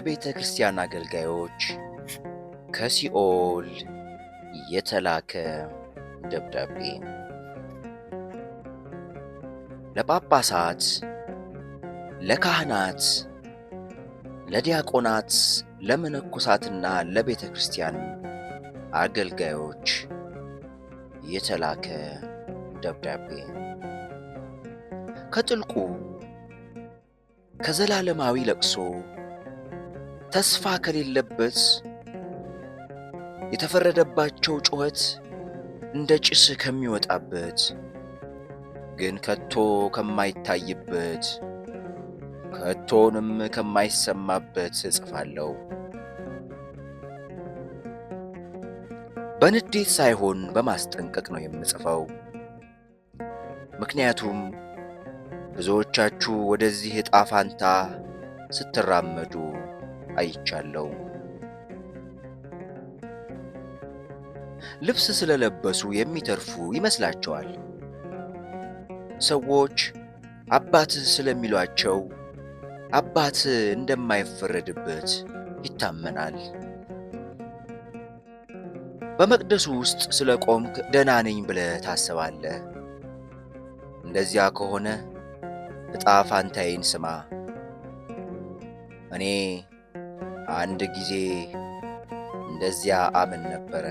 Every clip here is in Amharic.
ለቤተ ክርስቲያን አገልጋዮች ከሲኦል የተላከ ደብዳቤ ለጳጳሳት፣ ለካህናት፣ ለዲያቆናት፣ ለመነኮሳትና ለቤተ ክርስቲያን አገልጋዮች የተላከ ደብዳቤ ከጥልቁ ከዘላለማዊ ለቅሶ ተስፋ ከሌለበት የተፈረደባቸው ጩኸት እንደ ጭስ ከሚወጣበት ግን ከቶ ከማይታይበት ከቶንም ከማይሰማበት እጽፋለሁ። በንዴት ሳይሆን በማስጠንቀቅ ነው የምጽፈው። ምክንያቱም ብዙዎቻችሁ ወደዚህ ዕጣ ፋንታ ስትራመዱ አይቻለው። ልብስ ስለለበሱ የሚተርፉ ይመስላቸዋል። ሰዎች አባት ስለሚሏቸው አባት እንደማይፈረድበት ይታመናል። በመቅደሱ ውስጥ ስለ ቆምክ ደህና ነኝ ብለህ ታስባለህ። እንደዚያ ከሆነ ዕጣ ፋንታዬን ስማ እኔ አንድ ጊዜ እንደዚያ አምን ነበረ።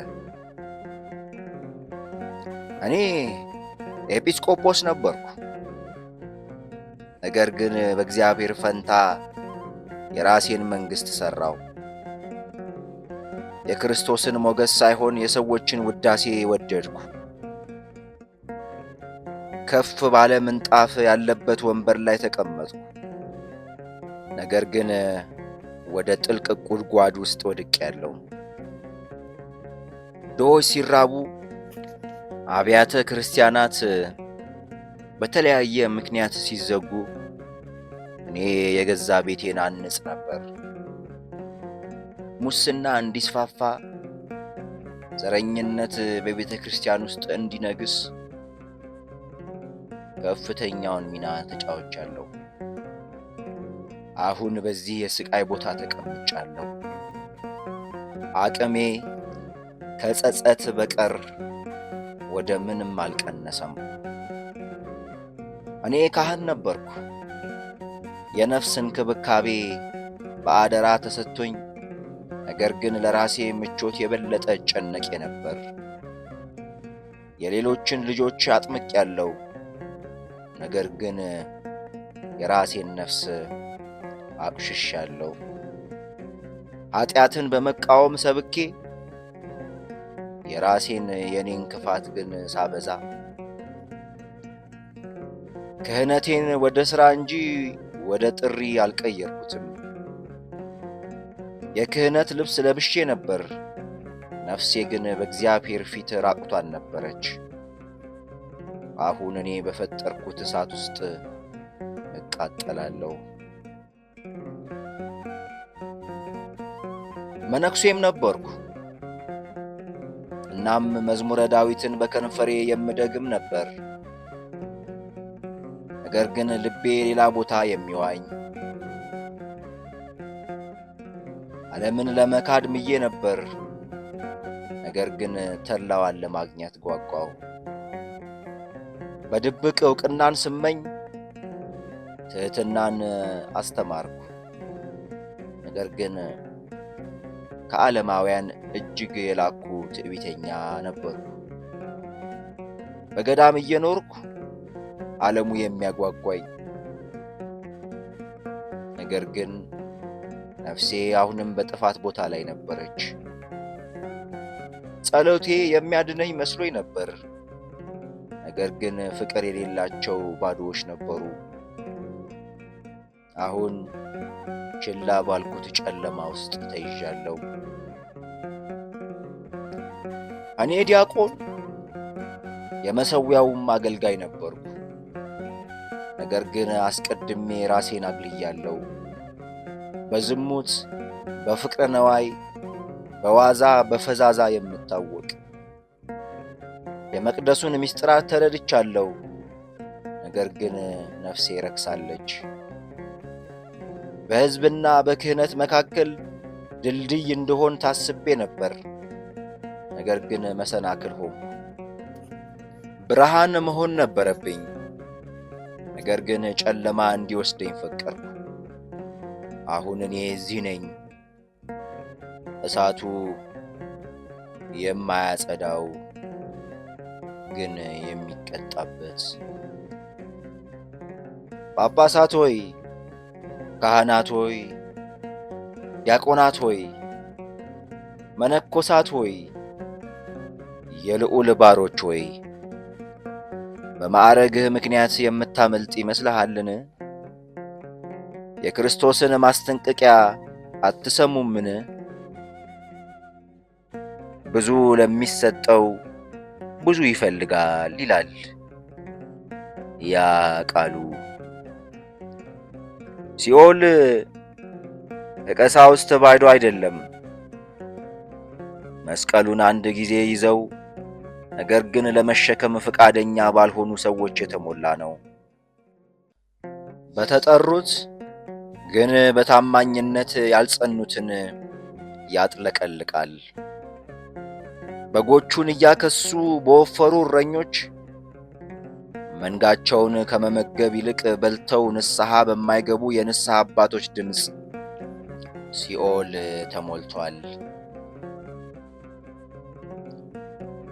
እኔ ኤጲስቆጶስ ነበርኩ። ነገር ግን በእግዚአብሔር ፈንታ የራሴን መንግሥት ሠራው። የክርስቶስን ሞገስ ሳይሆን የሰዎችን ውዳሴ ወደድኩ። ከፍ ባለ ምንጣፍ ያለበት ወንበር ላይ ተቀመጥኩ። ነገር ግን ወደ ጥልቅ ጉድጓድ ውስጥ ያለው ድሆች ሲራቡ አብያተ ክርስቲያናት በተለያየ ምክንያት ሲዘጉ እኔ የገዛ ቤቴን አንጽ ነበር። ሙስና እንዲስፋፋ፣ ዘረኝነት በቤተ ክርስቲያን ውስጥ እንዲነግስ ከፍተኛውን ሚና ተጫውቻለሁ። አሁን በዚህ የስቃይ ቦታ ተቀምጫለሁ። አቅሜ ከጸጸት በቀር ወደ ምንም አልቀነሰም። እኔ ካህን ነበርኩ። የነፍስ እንክብካቤ በአደራ ተሰጥቶኝ፣ ነገር ግን ለራሴ ምቾት የበለጠ እጨነቄ ነበር። የሌሎችን ልጆች አጥምቅ ያለው ነገር ግን የራሴን ነፍስ አቅሽሻለሁ። ኃጢአትን በመቃወም ሰብኬ የራሴን የኔን ክፋት ግን ሳበዛ ክህነቴን ወደ ሥራ እንጂ ወደ ጥሪ አልቀየርኩትም። የክህነት ልብስ ለብሼ ነበር፣ ነፍሴ ግን በእግዚአብሔር ፊት ራቁቷን ነበረች። አሁን እኔ በፈጠርኩት እሳት ውስጥ እቃጠላለሁ። መነኩሴም ነበርኩ። እናም መዝሙረ ዳዊትን በከንፈሬ የምደግም ነበር። ነገር ግን ልቤ ሌላ ቦታ የሚዋኝ ዓለምን ለመካድ ምዬ ነበር። ነገር ግን ተላዋን ለማግኘት ጓጓው። በድብቅ ዕውቅናን ስመኝ ትሕትናን አስተማርኩ። ነገር ግን ከዓለማውያን እጅግ የላኩ ትዕቢተኛ ነበሩ። በገዳም እየኖርኩ ዓለሙ የሚያጓጓኝ ነገር ግን ነፍሴ አሁንም በጥፋት ቦታ ላይ ነበረች። ጸሎቴ የሚያድነኝ መስሎኝ ነበር። ነገር ግን ፍቅር የሌላቸው ባዶዎች ነበሩ። አሁን ችላ ባልኩት ጨለማ ውስጥ ተይዣለሁ። እኔ ዲያቆን የመሠዊያውም አገልጋይ ነበርኩ። ነገር ግን አስቀድሜ ራሴን አግልያለሁ። በዝሙት፣ በፍቅረ ነዋይ፣ በዋዛ፣ በፈዛዛ የምታወቅ የመቅደሱን ምስጢራት ተረድቻለሁ። ነገር ግን ነፍሴ ረክሳለች። በሕዝብና በክህነት መካከል ድልድይ እንደሆን ታስቤ ነበር። ነገር ግን መሰናክል ሆንኩ። ብርሃን መሆን ነበረብኝ። ነገር ግን ጨለማ እንዲወስደኝ ፈቀድኩ። አሁን እኔ እዚህ ነኝ። እሳቱ የማያጸዳው ግን የሚቀጣበት ጳጳሳት ሆይ ካህናት ሆይ፣ ዲያቆናት ሆይ፣ መነኮሳት ሆይ፣ የልዑል ባሮች ሆይ፣ በማዕረግህ ምክንያት የምታመልጥ ይመስልሃልን? የክርስቶስን ማስጠንቀቂያ አትሰሙምን? ብዙ ለሚሰጠው ብዙ ይፈልጋል ይላል ያ ቃሉ። ሲኦል ከቀሳውስት ባዶ አይደለም። መስቀሉን አንድ ጊዜ ይዘው ነገር ግን ለመሸከም ፈቃደኛ ባልሆኑ ሰዎች የተሞላ ነው። በተጠሩት ግን በታማኝነት ያልጸኑትን ያጥለቀልቃል። በጎቹን እያከሱ በወፈሩ እረኞች መንጋቸውን ከመመገብ ይልቅ በልተው ንስሐ በማይገቡ የንስሐ አባቶች ድምፅ ሲኦል ተሞልቷል።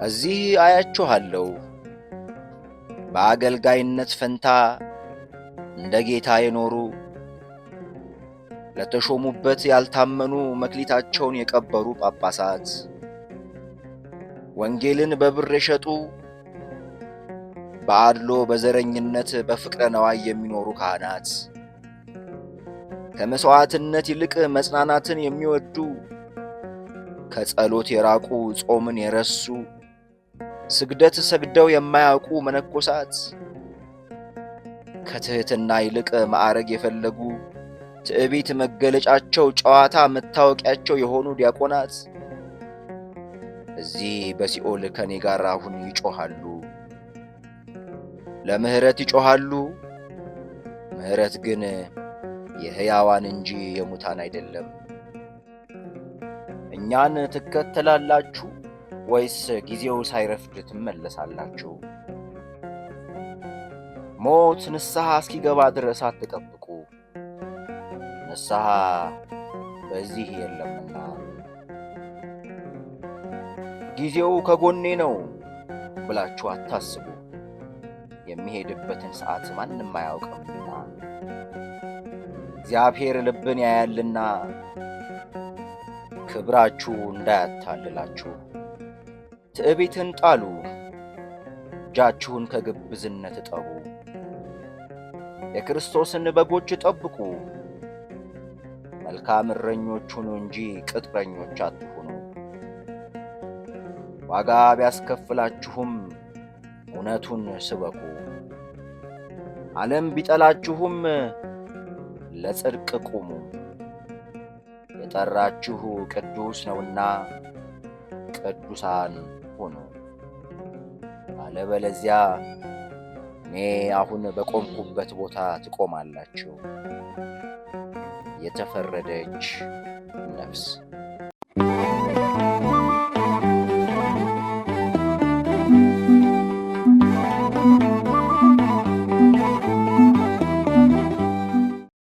እዚህ አያችኋለሁ። በአገልጋይነት ፈንታ እንደ ጌታ የኖሩ ለተሾሙበት ያልታመኑ መክሊታቸውን የቀበሩ ጳጳሳት፣ ወንጌልን በብር የሸጡ በአድሎ በዘረኝነት በፍቅረ ነዋይ የሚኖሩ ካህናት ከመሥዋዕትነት ይልቅ መጽናናትን የሚወዱ ከጸሎት የራቁ ጾምን የረሱ ስግደት ሰግደው የማያውቁ መነኮሳት ከትሕትና ይልቅ ማዕረግ የፈለጉ ትዕቢት መገለጫቸው ጨዋታ መታወቂያቸው የሆኑ ዲያቆናት እዚህ በሲኦል ከኔ ጋር አሁን ይጮኻሉ። ለምህረት ይጮሃሉ። ምህረት ግን የሕያዋን እንጂ የሙታን አይደለም። እኛን ትከተላላችሁ ወይስ ጊዜው ሳይረፍድ ትመለሳላችሁ? ሞት ንስሐ እስኪገባ ድረስ አትጠብቁ፣ ንስሐ በዚህ የለምና። ጊዜው ከጎኔ ነው ብላችሁ አታስቡ። የሚሄድበትን ሰዓት ማንም አያውቅምና እግዚአብሔር ልብን ያያልና ክብራችሁ እንዳያታልላችሁ። ትዕቢትን ጣሉ፣ እጃችሁን ከግብዝነት እጠቡ፣ የክርስቶስን በጎች ጠብቁ። መልካም እረኞች ሁኑ እንጂ ቅጥረኞች አትሁኑ። ዋጋ ቢያስከፍላችሁም እውነቱን ስበኩ። ዓለም ቢጠላችሁም ለጽድቅ ቁሙ፣ የጠራችሁ ቅዱስ ነውና ቅዱሳን ሁኑ። አለበለዚያ እኔ አሁን በቆምኩበት ቦታ ትቆማላችሁ። የተፈረደች ነፍስ